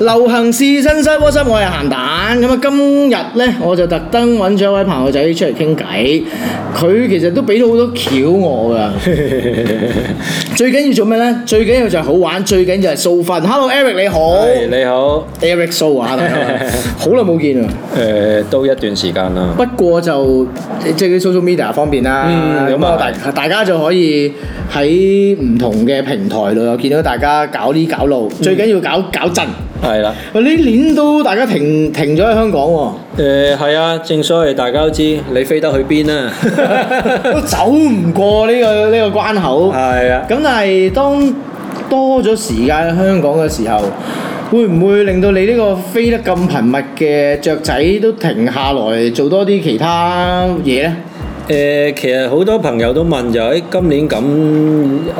流行試新西波心，我係鹹蛋。咁啊，今日咧我就特登揾咗一位朋友仔出嚟傾偈。佢其實都俾咗好多橋我㗎。最緊要做咩咧？最緊要就係好玩，最緊要就係 so fun。Hello Eric，你好。係你好，Eric So 啊。好耐冇見啊。誒，都一段時間啦。不過就即係啲 social media 方便啦。嗯，咁啊，大大家就可以喺唔同嘅平台度又見到大家搞呢搞路，最緊要搞搞震。係啦，喂！呢年都大家停停咗喺香港喎，啊呃。誒，係啊，正所謂大家都知，你飛得去邊啊？ 都走唔過呢個呢個關口。係啊，咁但係當多咗時間喺香港嘅時候，會唔會令到你呢個飛得咁頻密嘅雀仔都停下來做多啲其他嘢咧？誒，其實好多朋友都問就喺今年咁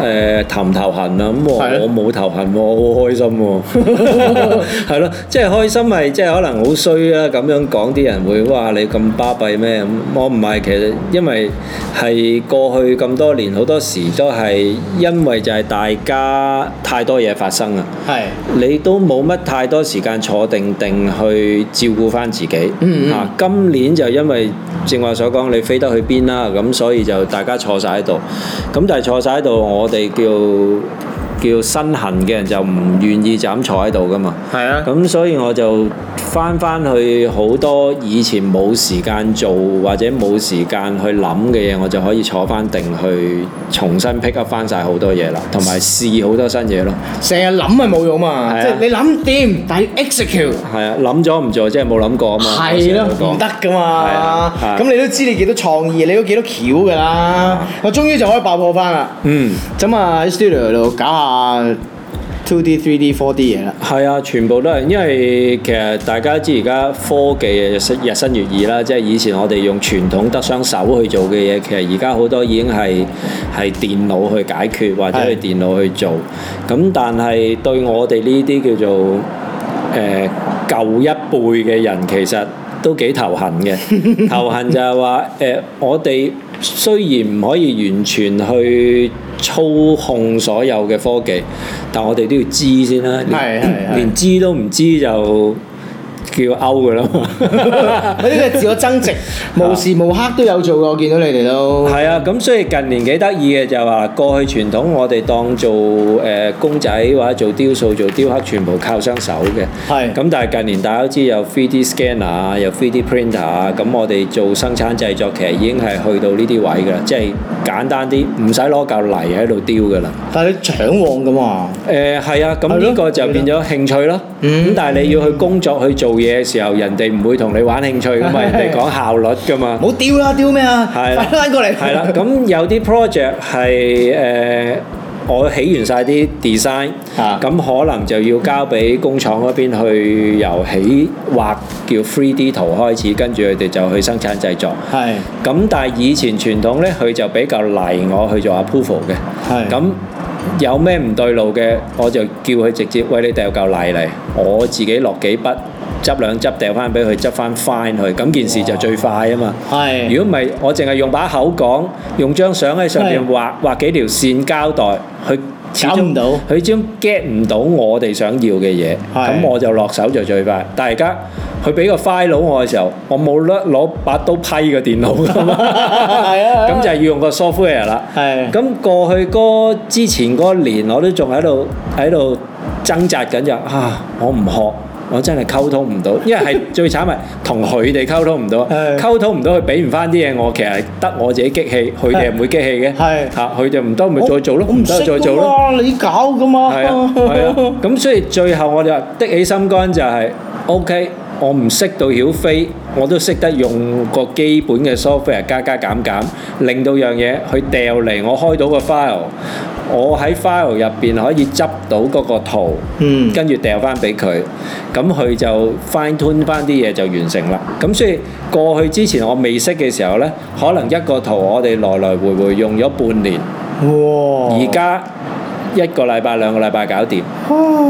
誒，頭唔頭痕啦，咁我我冇頭痕喎，好開心喎，係咯，即係開心係即係可能好衰啦，咁樣講啲人會哇你咁巴閉咩？我唔係，其實因為係過去咁多年好多時都係因為就係大家太多嘢發生啊，係你都冇乜太多時間坐定定去照顧翻自己，啊，今年就因為正話所講，你飛得去邊？啦，咁所以就大家坐晒喺度，咁但係坐晒喺度，我哋叫。叫身痕嘅人就唔願意就咁坐喺度噶嘛，係啊。咁所以我就翻翻去好多以前冇時間做或者冇時間去諗嘅嘢，我就可以坐翻定去重新 pick up 翻晒好多嘢啦，同埋試好多新嘢咯。成日諗係冇用啊嘛，即係、啊、你諗掂，但係 execute 係啊，諗咗唔做即係冇諗過啊嘛，係咯、啊，唔得噶嘛。咁、啊啊、你都知你幾多創意，你都幾多橋噶啦。啊、我終於就可以爆破翻啦。嗯，咁啊喺、嗯、studio 度搞下。啊，two、uh, D three D four D 嘢啦，係啊，全部都係，因為其實大家知而家科技日新日新月異啦，即係以前我哋用傳統得雙手去做嘅嘢，其實而家好多已經係係電腦去解決或者係電腦去做，咁的但係對我哋呢啲叫做誒舊、呃、一輩嘅人，其實都幾頭痕嘅， 頭痕就係話誒我哋雖然唔可以完全去。操控所有嘅科技，但我哋都要知先啦。係係係， 連知都唔知就～叫勾嘅咯，嗰啲叫自我增值， 啊、無時無刻都有做嘅。我見到你哋都係啊。咁所以近年幾得意嘅就係話，過去傳統我哋當做誒、呃、公仔或者做雕塑、做雕刻，全部靠雙手嘅。係是。咁但係近年大家都知道有 3D scanner 啊，有 3D printer 啊，咁我哋做生產製作其實已經係去到呢啲位㗎喇。即、就、係、是、簡單啲，唔使攞嚿泥喺度雕㗎喇。但係你搶旺嘅、呃、啊？誒係啊。咁呢個就變咗興趣咯。咁、嗯嗯嗯、但係你要去工作去做。嘢嘅時候，人哋唔會同你玩興趣咁啊！人哋講效率㗎嘛，冇丟啦，丟咩啊？翻翻過嚟，係啦。咁有啲 project 係誒，我起完晒啲 design，咁可能就要交俾工廠嗰邊去由起畫叫 three D 圖開始，跟住佢哋就去生產製作。係咁，但係以前傳統咧，佢就比較賴我去做 approval 嘅。係咁，有咩唔對路嘅，我就叫佢直接餵你掉嚿泥嚟，我自己落幾筆。執兩執掉翻俾佢，執翻 file 佢，咁件事就最快啊嘛。係。如果唔係，我淨係用把口講，用張相喺上面畫是畫幾條線交代，佢始終佢始終 get 唔到我哋想要嘅嘢，咁是我就落手就最快。但係而家佢俾個 file 我嘅時候，我冇得攞把刀批個電腦啊嘛。係 啊。咁 就係要用個 software 啦。係是。咁過去嗰之前嗰年，我都仲喺度喺度掙扎緊就，啊，我唔學。我真係溝通唔到，因為係最慘係同佢哋溝通唔到，溝通唔到佢俾唔翻啲嘢我，其實得我自己激氣，佢哋唔會激氣嘅，嚇佢哋唔得咪再做咯，唔得咪再做咯，你搞噶嘛，係啊，係啊，咁所以最後我哋話的起心肝就係 OK，我唔識到曉飛，我都識得用個基本嘅 software 加加減減，令到樣嘢佢掉嚟，我開到個 file。我喺 file 入邊可以執到嗰個圖，嗯，跟住掉翻俾佢，咁佢就 fine tune 翻啲嘢就完成啦。咁所以過去之前我未識嘅時候呢，可能一個圖我哋來來回回用咗半年，而家一個禮拜兩個禮拜搞掂，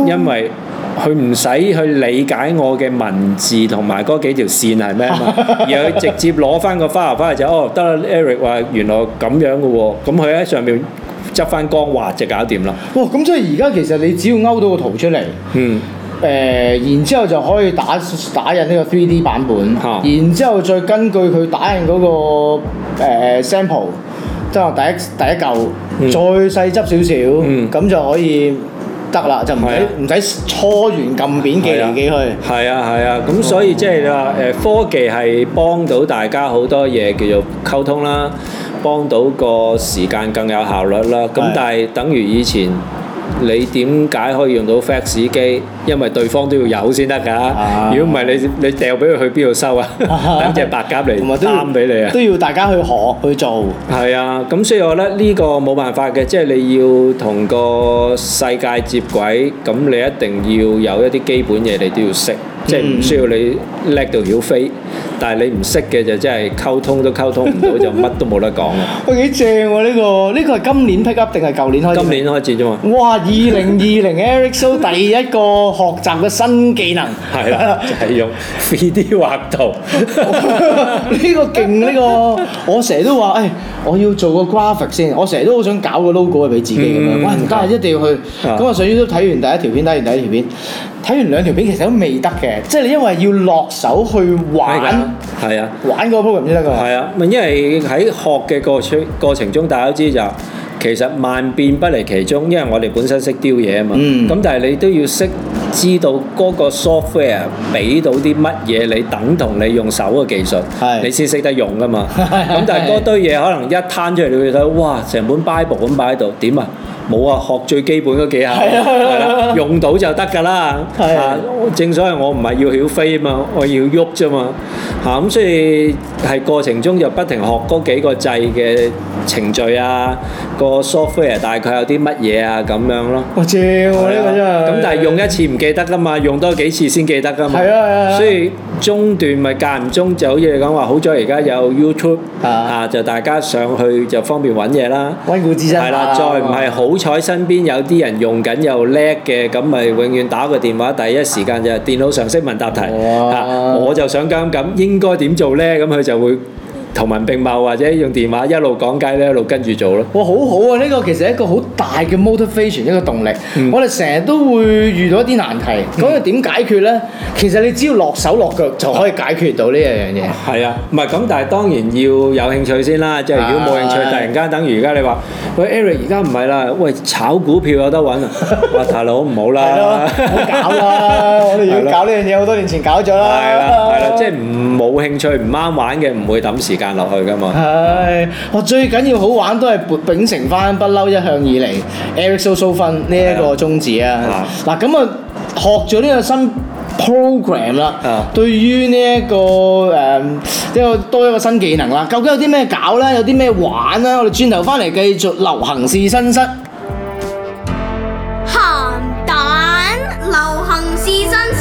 因為佢唔使去理解我嘅文字同埋嗰幾條線係咩啊嘛，而佢直接攞翻個 file 翻嚟就哦得啦，Eric 話原來咁樣㗎喎，咁佢喺上面。執翻光滑就搞掂啦。哇！咁所以而家，其實你只要勾到個圖出嚟，嗯，誒，然之後就可以打打印呢個 3D 版本，然之後再根據佢打印嗰個誒 sample，即係第一第一嚿，再細執少少，咁就可以得啦，就唔使唔使搓完㩒扁記嚟記去。係啊係啊，咁所以即係話誒科技係幫到大家好多嘢，叫做溝通啦。幫到個時間更有效率啦。咁的但係等於以前，你點解可以用到 fax 機？因為對方都要有先得㗎。如果唔係，你你掉俾佢去邊度收啊？ 等隻白鴿嚟啱俾你啊！都要大家去學去做。係啊，咁所以我覺得呢個冇辦法嘅，即係你要同個世界接軌，咁你一定要有一啲基本嘢，你都要識。即係唔需要你叻到曉飛，但係你唔識嘅就真係溝通都溝通唔到，就乜都冇得講啦。哇，幾正喎呢個？呢個係今年 pick up 定係舊年開？今年開始啫嘛。哇！二零二零 Eric So 第一個學習嘅新技能係啊，就係用 3D 畫圖。呢個勁呢個，我成日都話誒，我要做個 Graphic 先，我成日都好想搞個 logo 俾自己咁樣。哇！唔得啊，一定要去。咁我上 YouTube 睇完第一條片，睇完第一條片，睇完兩條片其實都未得嘅。即係你因為要落手去玩，係啊，玩個 program 先得㗎嘛，係啊，因為喺學嘅過程過程中，大家都知道就、其實萬變不離其宗，因為我哋本身識雕嘢啊嘛。咁、嗯、但係你都要識。知道嗰個 software 俾到啲乜嘢，你等同你用手嘅技術，你先識得用噶嘛。咁但係嗰堆嘢可能一攤出嚟，你會睇，哇！成本 Bible 咁擺喺度，點啊？冇啊，學最基本嗰幾下，係啦，用到就得㗎啦。係啊，正所謂我唔係要曉飛啊嘛，我要喐啫嘛。嚇，咁所以係過程中就不停學嗰幾個掣嘅程序啊，個 software 大概有啲乜嘢啊咁樣咯。哇！正喎呢個真係。咁但係用一次唔～記得噶嘛，用多幾次先記得噶嘛。啊，啊。啊所以中段咪間唔中就好似你講話，好彩而家有 YouTube 啊，啊，就大家上去就方便揾嘢啦。溫故知新係啦，啊、再唔係、啊、好彩身邊有啲人用緊又叻嘅，咁咪永遠打個電話第一時間就電腦常識問答題哇、啊。我就想咁咁，應該點做呢？咁佢就會。圖文並茂或者用電話一路講解咧，一路跟住做咯。哇，好好啊！呢個其實係一個好大嘅 motivation，一個動力。我哋成日都會遇到一啲難題，咁又點解決呢？其實你只要落手落腳就可以解決到呢樣嘢。係啊，唔係咁，但係當然要有興趣先啦。即係如果冇興趣，突然間等於而家你話喂，Eric，而家唔係啦，喂炒股票有得揾啊！喂大佬唔好啦，唔好搞啦！我哋已經搞呢樣嘢好多年前搞咗啦。係啦，係啦，即係唔冇興趣、唔啱玩嘅，唔會揼時。間落去㗎嘛。係，我最緊要好玩，都係秉承翻不嬲一向以嚟 Eric So 呢一個宗旨啊！嗱咁啊，學咗呢個新 program 啦，對於呢一個誒一個多一個新技能啦，究竟有啲咩搞咧？有啲咩玩咧？我哋轉頭翻嚟繼續流行試身室，鹹蛋流行試身室。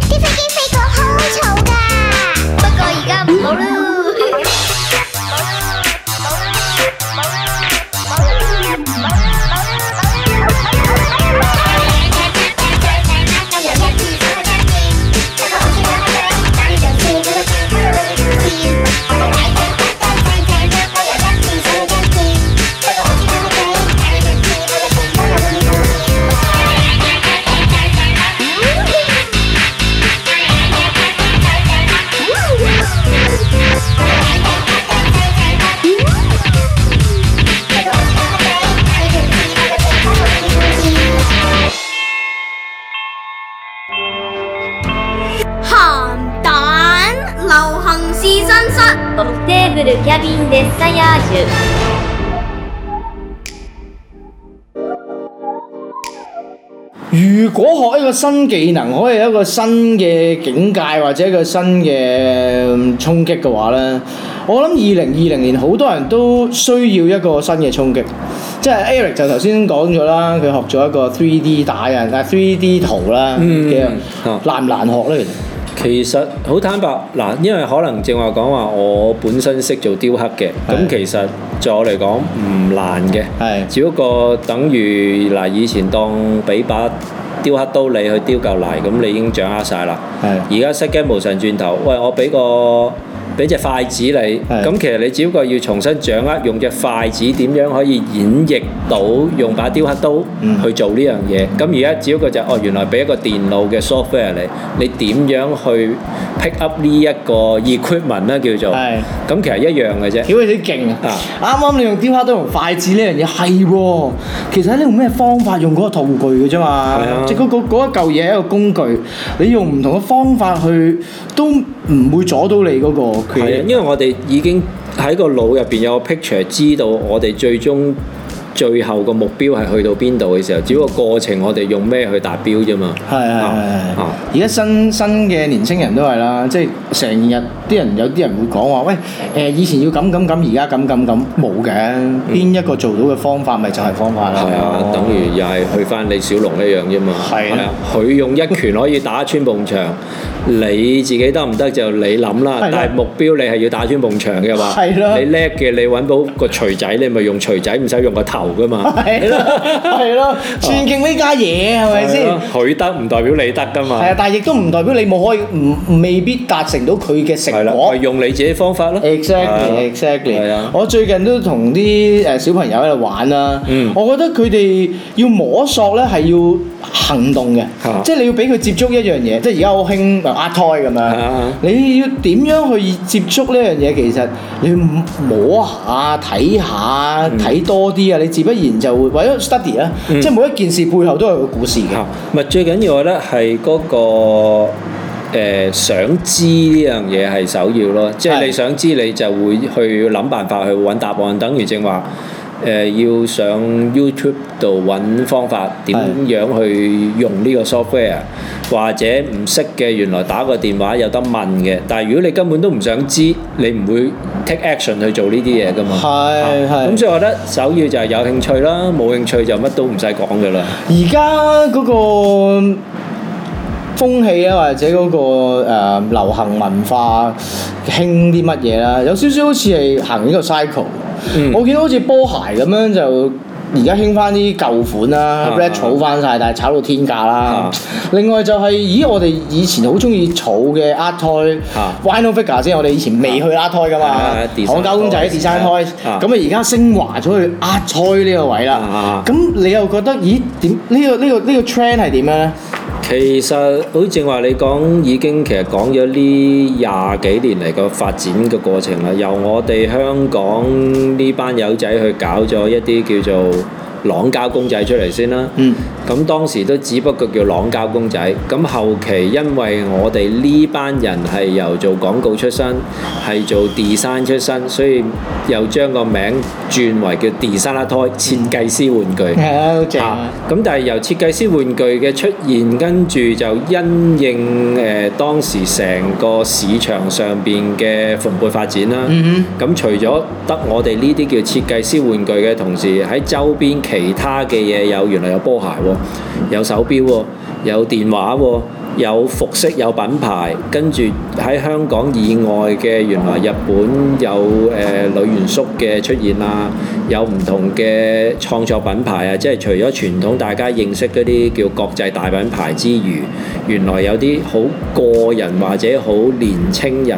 如果學一個新技能，可以有一個新嘅境界或者一個新嘅衝擊嘅話呢，我諗二零二零年好多人都需要一個新嘅衝擊。即係 Eric 就頭先講咗啦，佢學咗一個 3D 打印，但係 3D 圖啦嘅難唔難學呢？其實好坦白嗱，因為可能正話講話我本身識做雕刻嘅。咁是的 其實在我嚟講唔難嘅，是的 只不過等於嗱，以前當俾把雕刻刀你去雕嚿泥，咁你已經掌握晒啦。而家塞雞無神轉頭，喂我俾個。俾隻筷子你，咁的其實你只不過要重新掌握用隻筷子點樣可以演繹到用把雕刻刀去做呢樣嘢。咁而家只不過就哦，原來俾一個電腦嘅 software 你，你點樣去 pick up 呢一個 equipment 咧叫做？咁的其實一樣嘅啫。屌你啲勁啊！啱啱的你用雕刻刀同筷子呢樣嘢係喎，其實你用咩方法用嗰個道具嘅啫嘛。即嗰嗰一嚿嘢係一個工具，你用唔同嘅方法去都唔會阻到你嗰、嗰個。係啊，因為我哋已經喺個腦入邊有個 picture，知道我哋最終最後個目標係去到邊度嘅時候，只不過過程我哋用咩去達標啫嘛。係係係。而家，啊，新新嘅年輕人都係啦，即係成日啲人有啲人會講話，喂誒，呃，以前要咁咁咁，而家咁咁咁，冇嘅。邊，嗯、一個做到嘅方法咪就係方法啦。係的啊，等於又係去翻李小龍一樣啫嘛。係啊的，佢用一拳可以打穿埲牆。你自己得唔得就你諗啦，的但係目標你係要打穿埲牆嘅話，的你叻嘅你揾到個錘仔，你咪用錘仔，唔使用，用個頭噶嘛。係咯的，係咯， 算勁呢家嘢係咪先？佢得唔代表你得噶嘛？係啊，但係亦都唔代表你冇可以，唔未必達成到佢嘅成果。係、就係、用你自己方法咯。Exactly，exactly exactly.。的我最近都同啲誒小朋友喺度玩啦，嗯、我覺得佢哋要摸索咧係要。行動嘅、啊，即係、啊啊、你要俾佢接觸一樣嘢，即係而家好興壓胎咁樣。你要點樣去接觸呢樣嘢？其實你摸下、睇下、睇、嗯、多啲啊，你自不然就會為咗 study 啊、嗯。即係每一件事背後都係、嗯嗰個故、呃、事嘅。唔係最緊要，我覺得係嗰個呃想知呢樣嘢係首要咯。即係你想知，你就會去諗辦法去揾答案，等於正話。誒要上 YouTube 度揾方法，點樣去用呢個 software？或者唔識嘅，原來打個電話有得問嘅。但係如果你根本都唔想知，你唔會 take action 去做呢啲嘢㗎嘛？係係係。咁所以我覺得首要就係有興趣啦，冇興趣就乜都唔使講㗎喇。而家嗰個風氣啊，或者嗰個誒流行文化興啲乜嘢啦，有少少好似係行呢個 cycle。嗯、我見到好似波鞋咁樣就而家興翻啲舊款啦，炒翻晒，但係炒到天價啦。啊、另外就係、是，咦，我哋以前好中意儲嘅 art toy、Vinyl Figure 先，我哋以前未去 art toy 噶嘛，啊、搪膠公仔、design toy，咁 design toy, 啊而家升華咗去 art toy 呢個位啦。咁、啊、你又覺得，咦，點、這個這個這個這個、呢個呢個呢個 trend 係係點樣咧？其實好似話你講，已經其實講咗呢廿幾年嚟個發展嘅過程啦。由我哋香港呢班友仔去搞咗一啲叫做朗膠公仔出嚟先啦。嗯咁當時都只不過叫朗膠公仔，咁後期因為我哋呢班人係由做廣告出身，係做 design 出身，所以又將個名轉為叫 designer toy，設計師玩具，係啊，好正啊！咁但係由設計師玩具嘅出現，跟住就因應誒當時成個市場上邊嘅蓬勃發展啦。咁除咗得我哋呢啲叫設計師玩具嘅同時，喺周邊其他嘅嘢有，原嚟有波鞋喎。有手表喎，有電話喎，有服飾有品牌，跟住喺香港以外嘅，原來日本有誒、呃、女元宿嘅出現啊，有唔同嘅創作品牌啊，即係除咗傳統大家認識嗰啲叫國際大品牌之餘，原來有啲好個人或者好年青人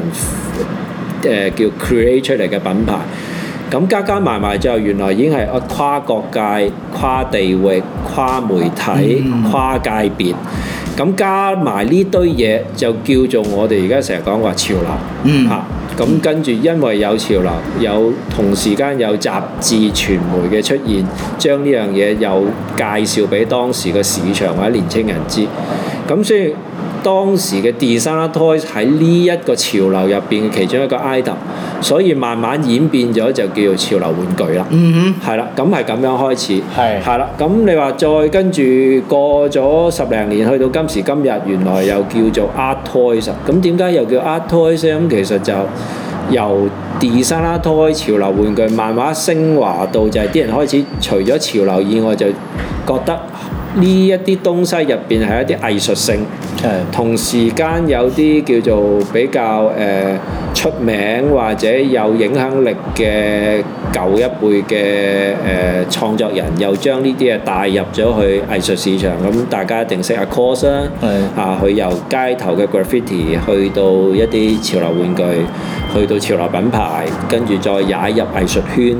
誒、呃、叫 create 出嚟嘅品牌。咁加加埋埋就後，原來已經係跨國界、跨地域、跨媒體、跨界別。咁加埋呢堆嘢，就叫做我哋而家成日講話潮流嚇。咁跟住，因為有潮流，有同時間有雜誌、傳媒嘅出現，將呢樣嘢有介紹俾當時嘅市場或者年青人知。咁所以。當時嘅 designer toys 喺呢一個潮流入邊嘅其中一個 item 所以慢慢演變咗就叫做潮流玩具啦、mm。嗯、hmm. 哼，係啦，咁係咁樣開始的。係，係啦，咁你話再跟住過咗十零年，去到今時今日，原來又叫做 art toys 咁，點解又叫 art toys 咁？其實就由 designer toys 潮流玩具慢慢升華到就係啲人開始除咗潮流以外就覺得。呢一啲東西入邊係一啲藝術性，同時間有啲叫做比較誒。呃出名或者有影響力嘅舊一輩嘅誒創作人，又將呢啲嘢帶入咗去藝術市場。咁大家一定識阿 Kaws 啦，係啊，佢由街頭嘅 graffiti 去到一啲潮流玩具，去到潮流品牌，跟住再踩入藝術圈。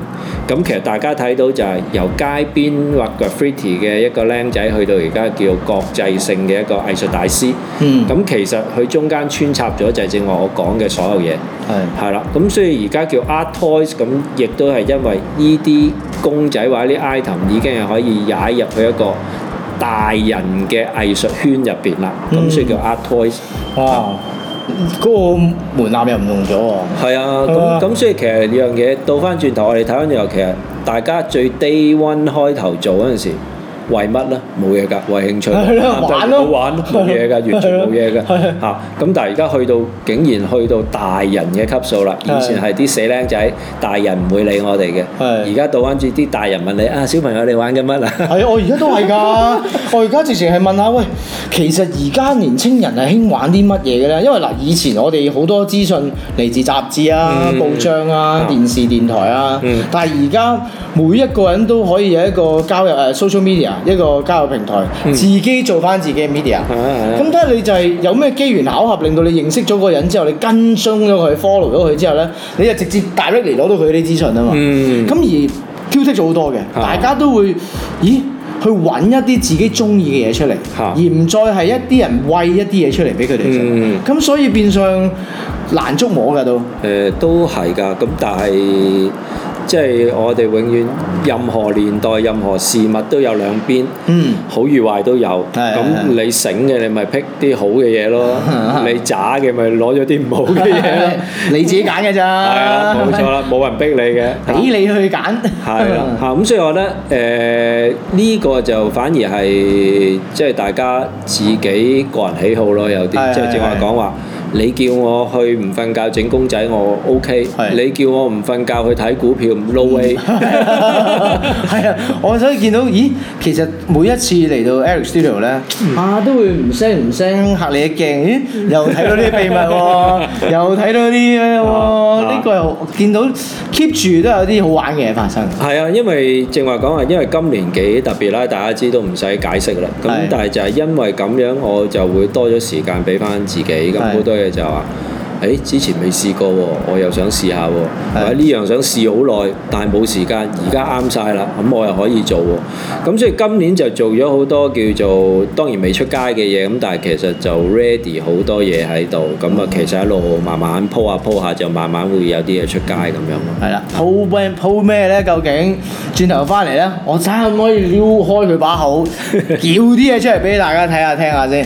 咁其實大家睇到就係由街邊畫 graffiti 嘅一個僆仔，去到而家叫國際性嘅一個藝術大師。嗯，咁其實佢中間穿插咗就係正話我講嘅所有嘢。係係啦，咁是所以而家叫 Art Toys，咁亦都係因為呢啲公仔或者啲 item 已經係可以踩入去一個大人嘅藝術圈入邊啦。咁、嗯、所以叫 Art Toys。哇、嗰、嗯、個門檻又唔同咗。係啊，咁咁所以其實呢樣嘢倒翻轉頭，我哋睇翻之後，其實大家最 day one 開頭做嗰陣時。為乜咧？冇嘢噶，為興趣， 玩咯、啊，冇嘢噶， 完全冇嘢噶。嚇的，咁但係而家去到，竟然去到大人嘅級數啦。以前係啲死靚仔，大人唔會理我哋嘅。而家倒翻轉，啲大人問你啊，小朋友你玩緊乜啊？係 啊，我而家都係㗎。我而家直情係問下，喂，其實而家年青人係興玩啲乜嘢嘅呢？」因為嗱，以前我哋好多資訊嚟自雜誌啊、嗯、報章啊、啊電視電台啊，但係而家每一個人都可以有一個交入 social media。Uh, 一個交友平台，嗯、自己做翻自己嘅 media。咁睇下你就係有咩機緣巧合，令到你認識咗個人之後，你跟蹤咗佢，follow 咗佢之後呢，你就直接大力嚟攞到佢啲資訊啊嘛。咁、嗯、而挑剔咗好多嘅，的大家都會咦去揾一啲自己中意嘅嘢出嚟，的而唔再係一啲人餵一啲嘢出嚟俾佢哋。咁、嗯、所以變相難捉摸㗎都。都係㗎、呃。咁但係。即係我哋永遠任何年代、任何事物都有兩邊，嗯，好與壞都有。咁你醒嘅你咪 pick 啲好嘅嘢咯，你渣嘅咪攞咗啲唔好嘅嘢咯。你自己揀嘅咋？係啊，冇錯啦，冇人逼你嘅，俾你去揀。係啦，嚇咁所以我覺得誒呢個就反而係即係大家自己個人喜好咯，有啲即係正話講話。你叫我去唔瞓覺整公仔我 OK，你叫我唔瞓覺去睇股票，no way。係啊，我想見到，咦，其實每一次嚟到 Eric Studio 咧，啊，都會唔聲唔聲嚇你一驚，咦，又睇到啲秘密喎，又睇到啲喎，呢個又見到 keep 住都有啲好玩嘅嘢發生。係啊，因為正話講話，因為今年幾特別啦，大家知都唔使解釋啦。咁但係就係因為咁樣，我就會多咗時間俾翻自己咁好多嘢。就話，誒之前未試過，我又想試下喎。呢樣想試好耐，但係冇時間，而家啱晒啦，咁我又可以做喎。咁所以今年就做咗好多叫做當然未出街嘅嘢，咁但係其實就 ready 好多嘢喺度，咁啊其實一路慢慢鋪下鋪下，就慢慢會有啲嘢出街咁樣。係啦，鋪咩呢？究竟轉頭翻嚟呢？我可唔可以撩開佢把口，撬啲嘢出嚟俾大家睇下聽下先？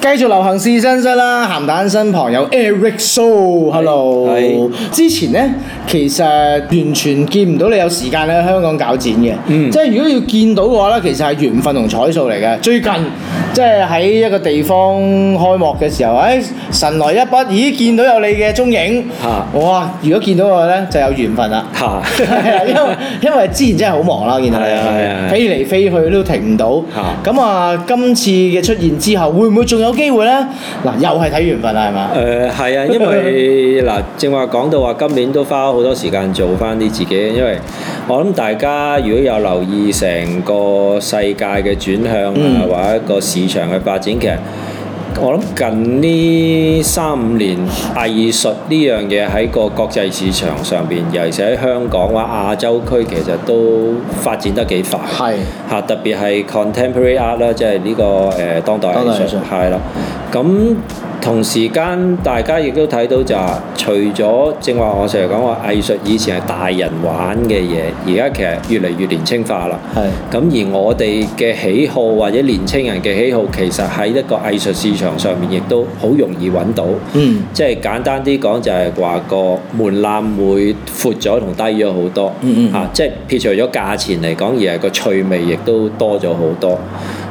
繼續流行試身室啦，咸蛋身旁有 Eric So，Hello。之前咧其實完全見唔到你有時間咧香港搞展嘅，即係如果要見到嘅話咧，其實係緣分同彩數嚟嘅。最近即係喺一個地方開幕嘅時候，誒神來一筆咦，見到有你嘅蹤影，哇！如果見到嘅話咧，就有緣分啦。因為因為之前真係好忙啦，見到係啊係啊飛嚟飛去都停唔到。咁啊，今次嘅出現之後會唔會仲有？個機會咧，嗱又係睇緣分啦，係嘛？誒係啊，因為嗱，正話講到話今年都花好多時間做翻啲自己，因為我諗大家如果有留意成個世界嘅轉向啊，嗯、或者一個市場嘅發展，其實～我諗近呢三五年，藝術呢樣嘢喺個國際市場上邊，尤其是喺香港或者亞洲區，其實都發展得幾快。係嚇是，特別係 contemporary art 啦，這個，即係呢個誒當代藝術派啦。咁同時間，大家亦都睇到就係，除咗正話我成日講話藝術以前係大人玩嘅嘢，而家其實越嚟越年青化啦。係咁，而我哋嘅喜好或者年青人嘅喜好，其實喺一個藝術市場上面，亦都好容易揾到。嗯，即係簡單啲講，就係話個門檻會闊咗同低咗好多。嗯嗯，啊，即係撇除咗價錢嚟講，而係個趣味亦都多咗好多。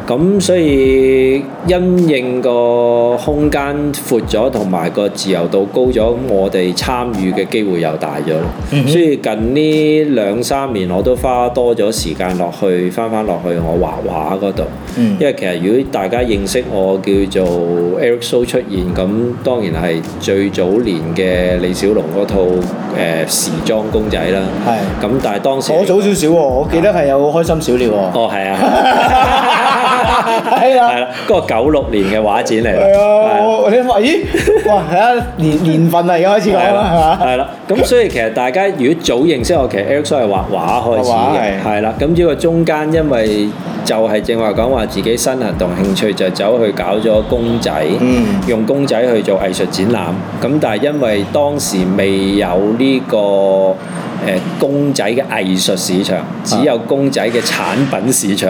咁所以因應個空間闊咗，同埋個自由度高咗，我哋參與嘅機會又大咗。嗯、哼所以近呢兩三年，我都花多咗時間落去返返落去我畫畫嗰度。嗯、因為其實如果大家認識我，我叫做 Eric So 出現，咁當然係最早年嘅李小龍嗰套誒時裝公仔啦。係是。咁但係當時我早少少喎，我記得係有開心小鳥喎。是哦，係啊。 係啦，係啦，嗰個九六年嘅畫展嚟啦。我你發現哇，係啊，年年份啦，而家開始講啦，係嘛？係啦，咁所以其實大家如果早認識我，其實 Alex 係畫畫開始嘅，係啦。咁只不過中間因為就係正話講話自己新行動興趣，就走去搞咗公仔，用公仔去做藝術展覽。咁但係因為當時未有呢個。呃、公仔嘅藝術市場，只有公仔嘅產品市場，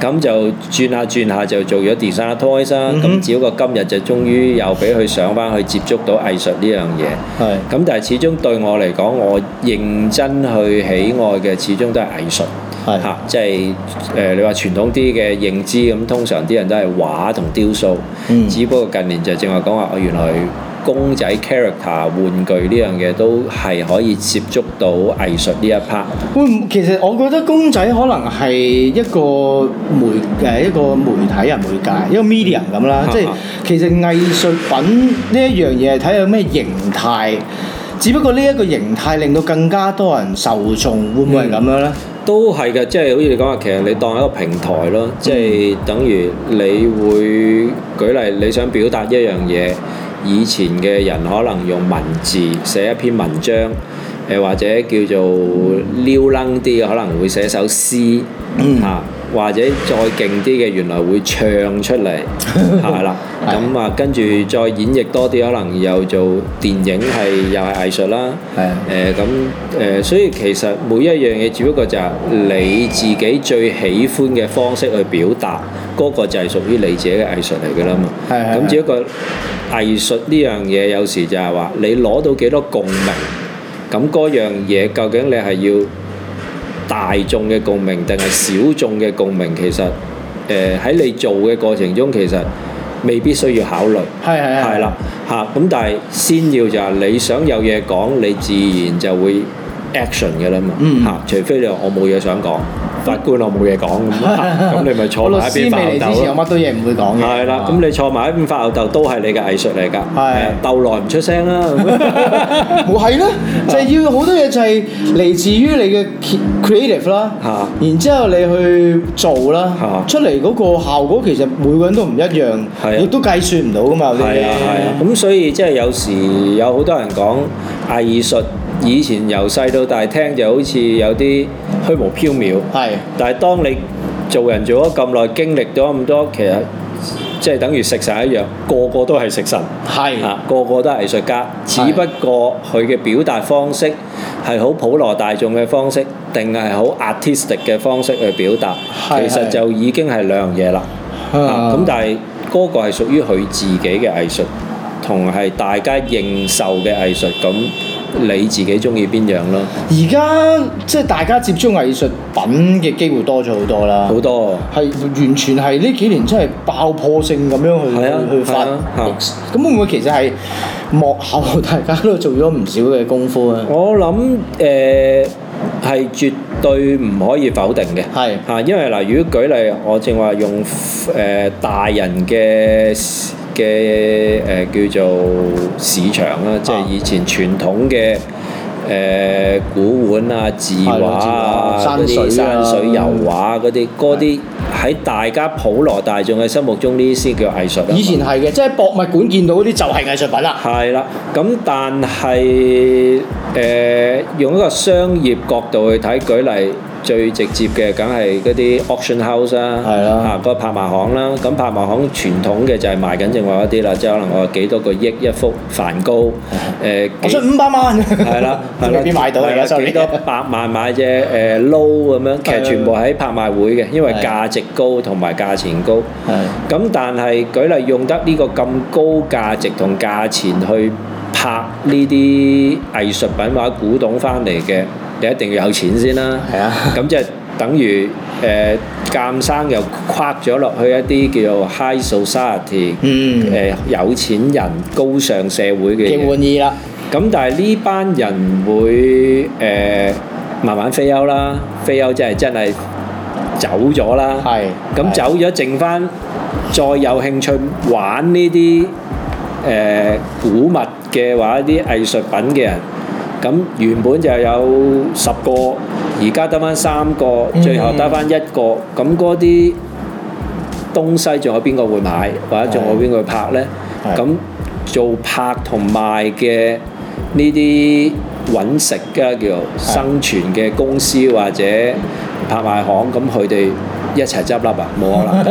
咁、啊、就轉下轉下就做咗 design toys 咁、嗯、哼只不過今日就終於又俾佢上翻去接觸到藝術呢樣嘢。咁、啊、但係始終對我嚟講，我認真去喜愛嘅始終都係藝術。嚇，即係誒你話傳統啲嘅認知咁，通常啲人都係畫同雕塑。嗯、只不過近年就正話講話，我原來。公仔 character 玩具呢樣嘢都係可以接觸到藝術呢一 part，會唔，其實我覺得公仔可能係一個媒，誒一個媒體人媒介，一個 medium 咁啦，即係其實藝術品呢一樣嘢係睇下有咩形態，只不過呢一個形態令到更加多人受眾會唔會係咁樣咧、嗯？都係嘅，即係好似你講話，其實你當一個平台咯，即係等於你會舉例你想表達一樣嘢。以前嘅人可能用文字寫一篇文章，呃，或者叫做撩楞啲可能會寫首詩嚇。 啊或者再勁啲嘅原來會唱出嚟，係咪啦？咁啊、 嗯，跟住再演繹多啲，可能又做電影，係又係藝術啦。誒咁、 呃嗯呃、所以其實每一樣嘢，只不過就係你自己最喜歡嘅方式去表達，嗰、嗰個就係屬於你自己嘅藝術嚟㗎啦嘛。咁至於一個藝術呢樣嘢，有時就係話你攞到幾多共鳴，咁嗰樣嘢究竟你係要大眾嘅共鳴定係小眾嘅共鳴，其實誒喺、呃、你做嘅過程中，其實未必需要考慮。係係啦，嚇咁，但係先要就係你想有嘢講，你自然就會。action 嘅啦嘛嚇，除非你話我冇嘢想講，法官我冇嘢講咁，咁你咪坐埋一邊發吽竇咯。我律師未嚟之前，我乜都嘢唔會講嘅。係啦，咁你坐埋一邊發吽竇，都係你嘅藝術嚟㗎。係鬥耐唔出聲啦。冇係啦，就係要好多嘢，就係嚟自於你嘅 creative 啦。嚇，然之後你去做啦，出嚟嗰個效果其實每個人都唔一樣，亦都計算唔到㗎嘛。係啊係啊，咁所以即係有時有好多人講藝術，以前由細。到大廳就好似有啲虛無縹緲，係是。但係當你做人做咗咁耐，經歷咗咁多，其實即係等於食神一樣，個個都係食神，係是。啊，個個都係藝術家，是只不過佢嘅表達方式係好普羅大眾嘅方式，定係好 artistic 嘅方式去表達，是是其實就已經係兩樣嘢啦。是是啊，咁但係嗰個係屬於佢自己嘅藝術，同係大家認受嘅藝術咁，你自己中意邊樣咯？而家即係大家接觸藝術品嘅機會多咗好多啦，好多係完全係呢幾年真係爆破性咁樣去、啊、去發，咁、啊啊、會唔會其實係幕後大家都做咗唔少嘅功夫咧？我諗誒係絕對唔可以否定嘅，係吓是，因為嗱，如果舉例，我正話用誒、呃、大人嘅。嘅誒、呃、叫做市場啦，即係以前傳統嘅誒、呃、古玩啊、字畫啊、畫些山水、啊、山水油畫嗰啲，啲喺大家普羅大眾嘅心目中，呢啲先叫藝術。以前係嘅，即、就、係、是、博物館見到嗰啲就係藝術品啦。係啦，咁但係誒、呃、用一個商業角度去睇，舉例。最直接嘅，梗係嗰啲 auction house 啦的，嚇、啊嗰個拍賣行啦。咁拍賣行傳統嘅就係賣緊正話嗰啲啦，即係可能我幾多個億一幅梵高，誒、呃、幾五百萬，係啦，邊買到啊？收了幾多百萬買啫？誒、 呃、low 咁樣，其實全部喺拍賣會嘅，因為價值高同埋價錢高。咁的，的但係舉例用得呢個咁高價值同價錢去拍呢啲藝術品或者古董翻嚟嘅。你一定要有錢先啦，係啊，咁即係等於誒、呃、鑑生又跨咗落去一啲叫做 high society，誒、mm. 呃、有錢人高尚社會嘅，既滿意啦。咁但係呢班人會誒、呃、慢慢飛歐啦，飛歐即係真係走咗啦。係是，咁走咗剩翻的再有興趣玩呢啲誒古物嘅話，一啲藝術品嘅人。咁原本就有十個，而家得翻三個，最後得翻一個。咁嗰啲東西仲有邊個會買，或者仲有邊個去拍呢？咁是的 做拍同賣嘅呢啲揾食嘅叫做生存嘅公司或者。拍賣行咁佢哋一齊執笠啊！冇可能，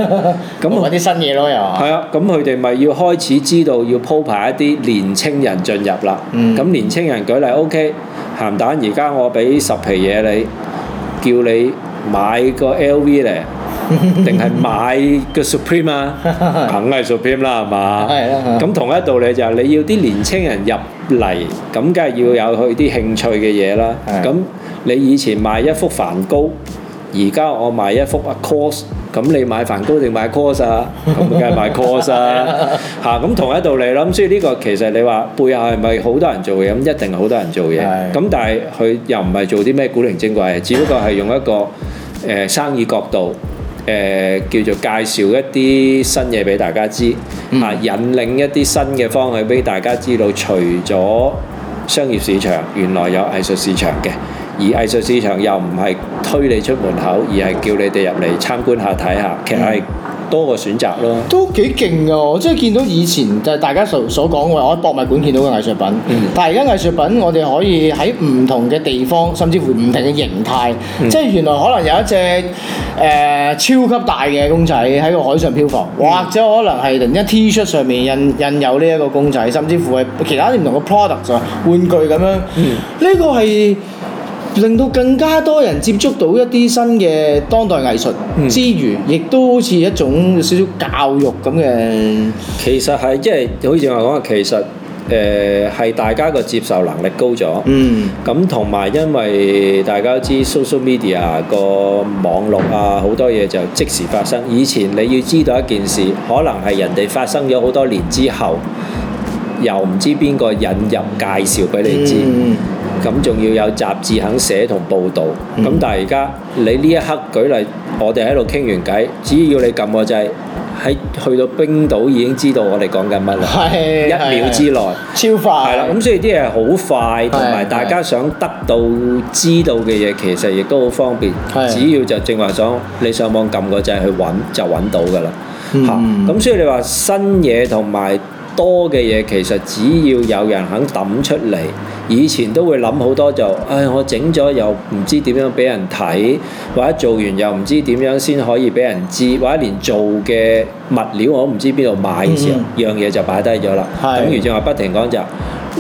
咁揾啲新嘢咯又，係啊！咁佢哋咪要開始知道要鋪排一啲年青人進入啦。咁年青人舉例，OK，鹹蛋，而家我俾十皮嘢你，叫你買個 LV 咧，定係買個 Supreme 啊？梗係 Supreme 啦，係嘛？係啦。咁同一道理就係你要啲年青人入嚟，咁梗係要有佢啲興趣嘅嘢啦。咁你以前買一幅梵高。而家我買一幅啊，course，咁你買梵高定買 course 啊？咁梗係買 course 啊！嚇，咁同一道理咯。咁所以呢個其實你話背後係咪好多人做嘢？咁一定係好多人做嘢。咁是但係佢又唔係做啲咩古靈精怪嘅，只不過係用一個、呃、生意角度、呃、叫做介紹一啲新嘢俾大家知，啊、嗯、引領一啲新嘅方向俾大家知道，除咗商業市場原來有藝術市場嘅。而藝術市場又唔係推你出門口，而係叫你哋入嚟參觀下睇下，其實係多個選擇咯。都幾勁㗎！我即係見到以前就係大家所所講話，我喺博物館見到嘅藝術品。嗯、但係而家藝術品，我哋可以喺唔同嘅地方，甚至乎唔同嘅形態。嗯、即係原來可能有一隻誒、呃、超級大嘅公仔喺個海上漂浮，嗯、或者可能係突然間 T 恤上面印印有呢一個公仔，甚至乎係其他啲唔同嘅 products 啊，玩具咁樣。呢、嗯、個係。令到更加多人接觸到一啲新嘅當代藝術之餘，亦、嗯、都好似一種少少教育咁嘅。其實係即係好似我講，其實誒係大家個接受能力高咗。嗯，咁同埋因為大家都知 social media 個網絡啊，好多嘢就即時發生。以前你要知道一件事，可能係人哋發生咗好多年之後，又唔知邊個引入介紹俾你知。嗯咁仲、嗯、要有雜誌肯寫同報導，咁、嗯、但係而家你呢一刻舉例，我哋喺度傾完偈，只要你撳個掣，喺去到冰島已經知道我哋講緊乜啦，是一秒之內，是是是超快，係啦。咁所以啲嘢好快，同埋大家想得到知道嘅嘢，其實亦都好方便。的只要就正話想你上網撳個掣去揾，就揾到噶啦。嚇、嗯，咁所以你話新嘢同埋多嘅嘢，其實只要有人肯抌出嚟。以前都會諗好多就，就、哎、唉，我整咗又唔知點樣俾人睇，或者做完又唔知點樣先可以俾人知，或者連做嘅物料我都唔知邊度買嘅時候，嗯、樣嘢就擺低咗啦。咁是的 如就話不停講就。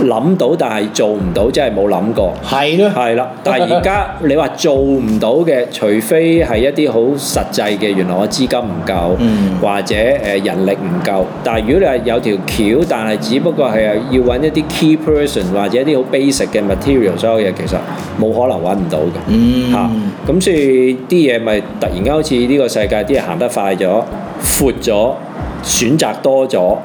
諗到但係做唔到，真係冇諗過。係咯，係啦。但係而家你話做唔到嘅，除非係一啲好實際嘅，原來我資金唔夠，或者誒人力唔夠。但係如果你係有條橋，但係只不過係要揾一啲 key person 或者一啲好 basic 嘅 material，所有嘢其實冇可能揾唔到嘅。嗯，嚇，咁所以啲嘢咪突然間好似呢個世界啲人行得快咗、闊咗、選擇多咗，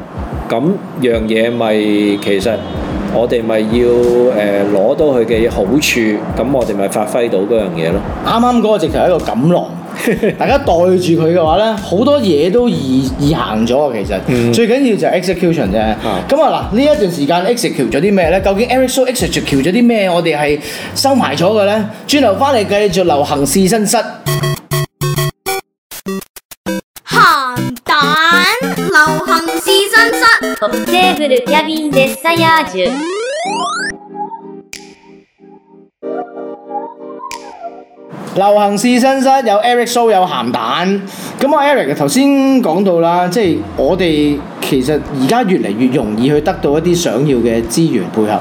咁樣嘢咪其實～我哋咪要誒攞、呃、到佢嘅好處，咁我哋咪發揮到嗰樣嘢咯。啱啱嗰個直頭係一個錦囊， 大家袋住佢嘅話呢，好多嘢都易易行咗其實、mm hmm. 最緊要就係 execution 啫。咁啊嗱，呢、huh. 嗯、一段時間 execute 咗啲咩呢？究竟 Ericsson ex execute 咗啲咩？我哋係收埋咗嘅呢，轉頭翻嚟繼續流行試身室。流行試身室有 Eric show 有鹹蛋，咁啊 Eric 頭先講到啦，即係我哋其實而家越嚟越容易去得到一啲想要嘅資源配合，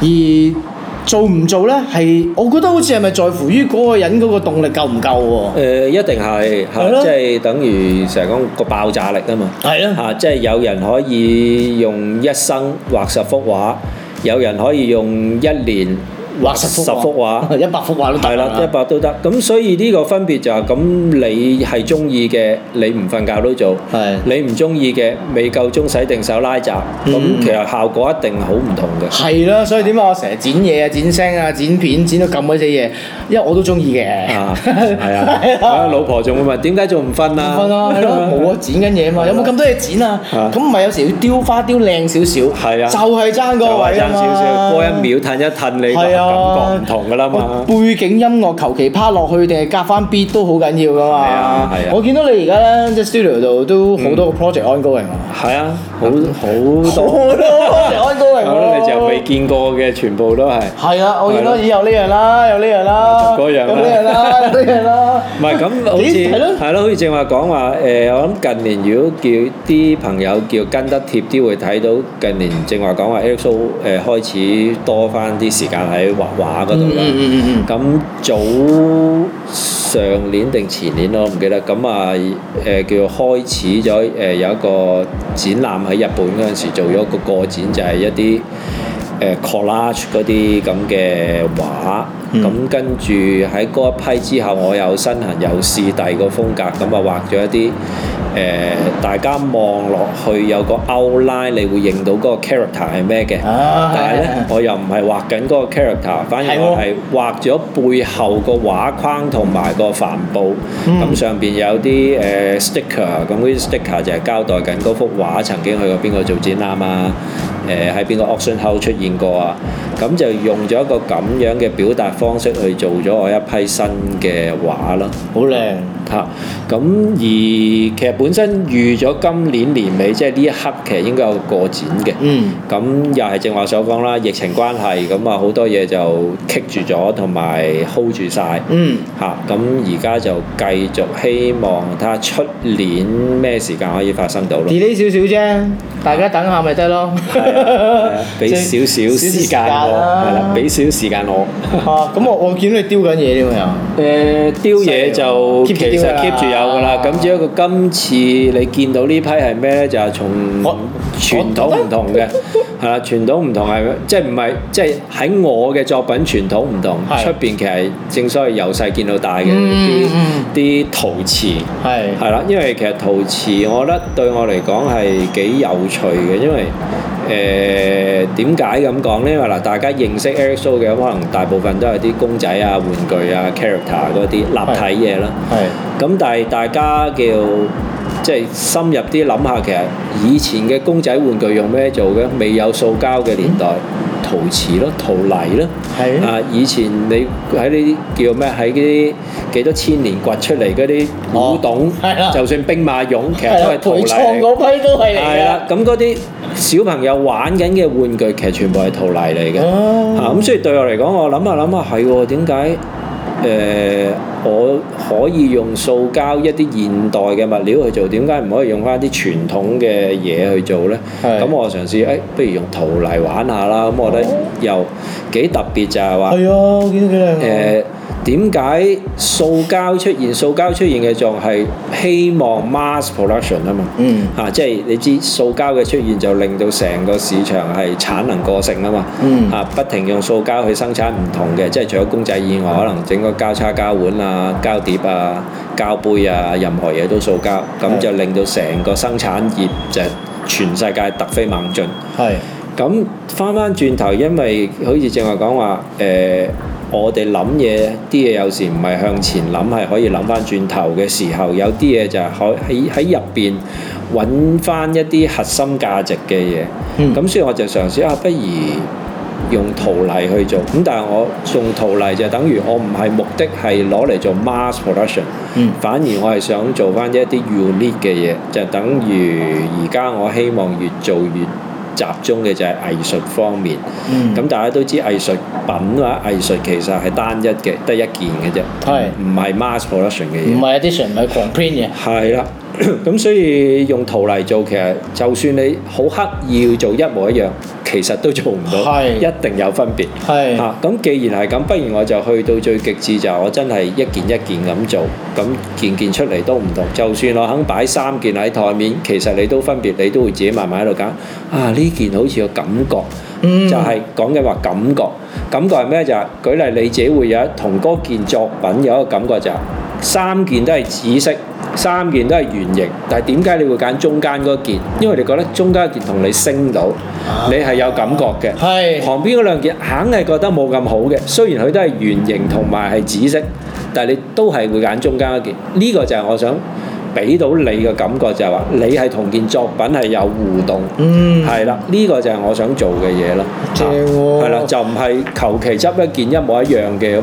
而做唔做呢？係，我覺得好似係咪在乎於嗰個人嗰個動力夠唔夠喎？誒，一定係，嚇，是的 即係等於成日講個爆炸力啊嘛。是的 啊，即係有人可以用一生畫十幅畫，有人可以用一年。畫十幅畫，一百幅畫都得。係啦，一百都得。咁所以呢個分別就係咁，你係中意嘅，你唔瞓覺都做。係。你唔中意嘅，未夠鐘洗定手拉閘。嗯。咁其實效果一定好唔同嘅。係啦，所以點解我成日剪嘢啊、剪聲啊、剪片，剪到咁鬼死嘢？因為我都中意嘅。啊。係啊。老婆仲會問點解仲唔瞓啊？唔瞓啊，係咯，冇啊，剪緊嘢啊嘛，有冇咁多嘢剪啊？啊。咁唔係有時要雕花雕靚少少。係啊。就係爭個位。就係爭少少，過一秒褪一褪你。係啊。啊，唔同噶啦嘛！背景音樂求其趴落去定係夾翻 beat 都好緊要噶嘛。係啊，係啊。我見到你而家咧，即係 studio 度都好多 projectongoing 嘛。係啊，好好多 project ongoing。好多你又未見過嘅，全部都係。係啊，我見到以後呢樣啦，有呢樣啦，嗰樣啦，有呢樣啦，有呢樣啦。唔係咁好似係咯，係咯，好似正話講話誒，我諗近年如果叫啲朋友叫跟得貼啲，會睇到近年正話講話 Alexo 誒開始多翻啲時間喺。畫畫嗰度啦，咁、mm hmm. 早上年定前年我唔記得。咁啊，誒、呃、叫做開始咗，誒、呃、有一個展覽喺日本嗰陣時做咗個個展，就係、是、一啲誒、呃、collage 嗰啲咁嘅畫。咁、嗯、跟住喺嗰一批之後，我又身痕有試第二個風格，咁啊畫咗一啲誒、呃，大家望落去有個 outline，你會認到嗰個 character 係咩嘅？啊、但係咧，啊、我又唔係畫緊嗰個 character，反而我係畫咗背後個畫框同埋個帆布。咁、嗯、上邊有啲誒、呃、sticker，咁嗰啲 sticker 就係交代緊嗰幅畫曾經去過邊個做展覽啊嘛。誒喺邊個 option 後出現過啊？咁就用咗一個咁樣嘅表達方式去做咗我一批新嘅畫咯，好靚。嚇，咁而其實本身預咗今年年尾，即係呢一刻其實應該有個展嘅。嗯，咁又係正話所講啦，疫情關係，咁啊好多嘢就棘住咗，同埋 hold 住曬。嗯，嚇，咁而家就繼續希望睇下出年咩時間可以發生到咯。Delay 少少啫，大家等下咪得咯，俾少少時間我，係啦，俾少時間我。嚇，咁我我見到你丟緊嘢添啊。誒，丟嘢就。其實 keep 住有㗎啦，咁只不過今次你見到呢批係咩呢？就係、是、從傳統唔同嘅，係啦、啊啊，傳統唔同係，即係唔係即係喺我嘅作品傳統唔同，出邊的其實正所謂由細見到大嘅啲啲陶瓷係係啦，因為其實陶瓷我覺得對我嚟講係幾有趣嘅，因為。誒點解咁講呢？嗱、呃，大家認識 Eric So 嘅可能大部分都係啲公仔啊、玩具啊、character 嗰啲立體嘢啦。係。咁但係大家叫即係、就是、深入啲諗下，其實以前嘅公仔玩具用咩做嘅？未有塑膠嘅年代，陶瓷咯、陶泥咯。係。啊，以前你喺呢啲叫咩？喺啲幾多千年掘出嚟嗰啲古董，哦、就算兵馬俑，其實都係陶泥。陶創嗰批都係嚟。係咁啲。那那小朋友玩緊嘅玩具其實全部係陶泥嚟嘅，嚇咁、oh。嗯、所以對我嚟講，我諗下諗下係喎，點解誒？我可以用塑膠一啲現代嘅物料去做，點解唔可以用返啲傳統嘅嘢去做咧？咁我嘗試誒，不如用陶嚟玩下啦。咁我覺得又幾特別就係話，係啊，見到幾靚誒？點解塑膠出現？塑膠出現嘅狀係希望 mass production 啊嘛，嗯，嚇，即係你知塑膠嘅出現就令到成個市場係產能過剩啊嘛，嗯，嚇，不停用塑膠去生產唔同嘅，即係除咗公仔以外，可能整個膠叉膠碗啊。啊，膠碟啊，膠杯啊，任何嘢都塑膠，咁就令到成個生產業就是的 全世界突飛猛進。係是的，咁翻翻轉頭，因為好似正話講話，誒、呃，我哋諗嘢啲嘢有時唔係向前諗，係可以諗翻轉頭嘅時候，有啲嘢就係可喺喺入邊揾翻一啲核心價值嘅嘢。嗯，咁所以我就嘗試下、啊，不如。用圖例去做，咁但係我送圖例就等於我唔係目的係攞嚟做 mass production，嗯、反而我係想做翻一啲 unique 嘅嘢，就等於而家我希望越做越集中嘅就係藝術方面。咁、嗯、大家都知藝術品啦，藝術其實係單一嘅，得一件嘅啫，唔係是 mass production 嘅嘢，唔係一啲純係 edition 嘅。係啦。咁所以用圖嚟做，其實就算你好刻意要做一模一樣，其實都做唔到，一定有分別。係啊，咁既然係咁，不如我就去到最極致，就係我真係一件一件咁做，咁件件出嚟都唔同。就算我肯擺三件喺台面，其實你都分別，你都會自己慢慢喺度揀。啊，呢件好似個感覺，就係講緊話感覺。感覺係咩？就係舉例，你自己會有一同嗰件作品有一個感覺，就係三件都係紫色，三件都係圓形，但係點解你會揀中間嗰件？因為你覺得中間一件同你升到，你係有感覺嘅。係旁邊嗰兩件，梗係覺得冇咁好嘅。雖然佢都係圓形同埋係紫色，但係你都係會揀中間嗰件。呢個就係我想。俾到你嘅感覺就係話，你係同件作品係有互動，係啦、嗯，呢個就係我想做嘅嘢咯。正喎、啊，係啦，就唔係求其執一件一模一樣嘅咁，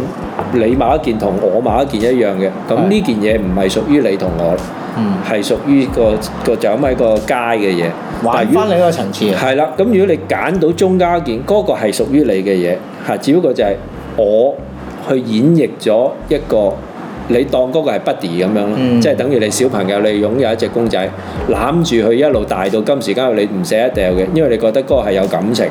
你買一件同我買一件一樣嘅，咁呢件嘢唔係屬於你同我，係屬於個個就咁係個街嘅嘢。還翻你一個層次啊。係啦，咁如果你揀到中間一件，嗰個係屬於你嘅嘢，嚇，只不過就係我去演繹咗一個。你當嗰個係 buddy 咁樣咯，即係等於你小朋友你擁有一隻公仔攬住佢一路大到今時今日你唔捨得掉嘅，因為你覺得嗰個係有感情，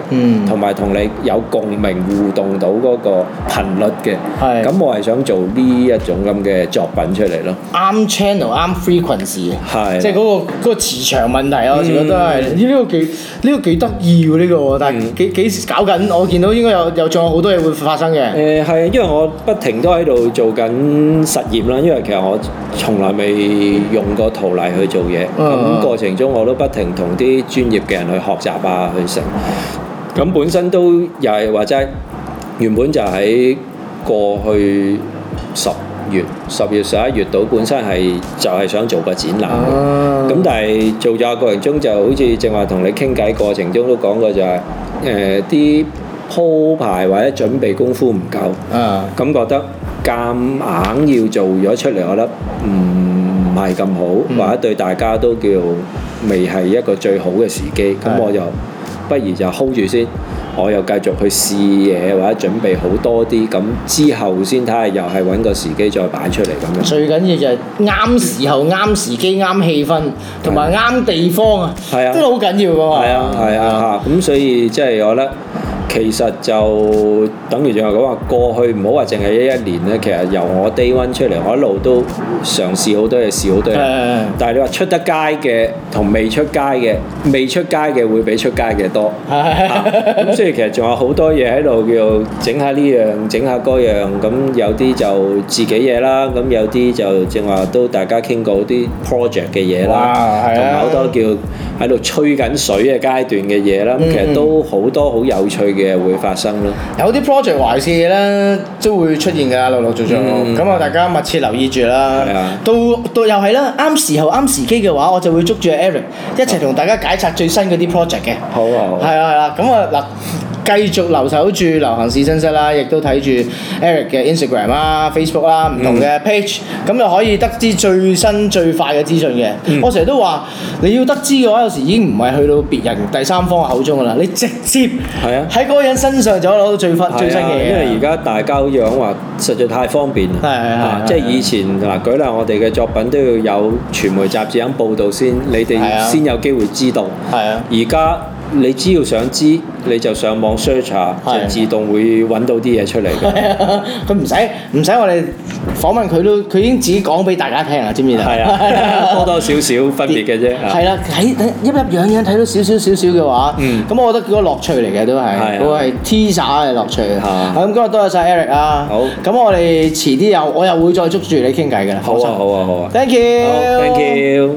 同埋同你有共鳴互動到嗰個頻率嘅。咁我係想做呢一種咁嘅作品出嚟咯。啱 channel，啱 frequency，係，即係嗰個嗰個磁場問題啊，我覺得係。呢個幾呢個幾得意喎，呢個，但係幾幾時搞緊？我見到應該有有仲有好多嘢會發生嘅。誒係，因為我不停都喺度做緊實。實驗啦，因為其實我從來未用過圖例去做嘢，咁、啊、過程中我都不停同啲專業嘅人去學習啊，去成。咁、啊、本身都又係話齋原本就喺過去十月、十月、十一月度，本身係就係想做個展覽咁、啊、但係做咗過程中，就好似正話同你傾偈過程中都講過、就係，就係誒啲鋪排或者準備功夫唔夠，咁、啊啊、覺得。夾硬要做咗出嚟，我覺得唔唔係咁好，或者對大家都叫未係一個最好嘅時機。咁我就不如就 hold 住先，我又繼續去試嘢或者準備好多啲，咁之後先睇下又係揾個時機再擺出嚟咁樣。最緊要就係啱時候、啱時機、啱氣氛，同埋啱地方啊，係啊，都好緊要㗎。係啊係啊，咁所以即係我覺得。其實就等於仲係咁話，過去唔好話淨係一一年咧。其實由我 day one 出嚟，我一路都嘗試好多嘢，試好多嘢。 但係你話出得街嘅同未出街嘅，未出街嘅會比出街嘅多。係，咁、 啊、所以其實仲有好多嘢喺度，叫整下呢樣，整下嗰樣。咁有啲就自己嘢啦，咁有啲就正話都大家傾過啲 project 嘅嘢啦，同埋好多叫。 喺度吹緊水嘅階段嘅嘢啦，嗯、其實都好多好有趣嘅嘢會發生咯。有啲 project 壞事咧，都會出現噶，陸陸續續。咁啊、嗯，大家密切留意住啦、啊。到到又係啦，啱時候啱時機嘅話，我就會捉住 Eric 一齊同大家解拆最新嗰啲 project 嘅、啊。好啊好啊。係啊係啊。咁啊嗱。繼續留守住流行事新息啦，亦都睇住 Eric 嘅 Instagram 啦、啊、Facebook 啦、啊、唔同嘅 page，咁、嗯、就可以得知最新最快嘅資訊嘅。嗯、我成日都話，你要得知嘅話，有時已經唔係去到別人第三方口中噶啦，你直接喺嗰個人身上就攞到最快、啊、最新嘅嘢。因為而家大家好似講話，實在太方便。係係係。啊啊、即係以前嗱，舉例我哋嘅作品都要有傳媒雜誌咁報導先，你哋先有機會知道。係啊。而家、啊你只要想知，你就上網 search，就自動會揾到啲嘢出嚟嘅。佢唔使唔使我哋訪問佢都，佢已經自己講俾大家聽啦，知唔知啊？係啊，多多少少分別嘅啫。係啦，喺喺一一樣樣睇到少少少少嘅話，咁我覺得個樂趣嚟嘅都係，我係 TSA 嘅樂趣。咁今日多謝 Eric 啦。好。咁我哋遲啲又，我又會再捉住你傾偈嘅啦。好啊，好啊，好啊。Thank you。Thank you。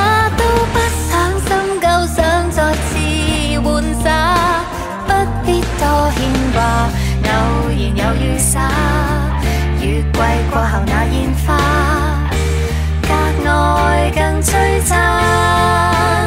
有雨灑，月季過後，那煙花，格外更璀璨。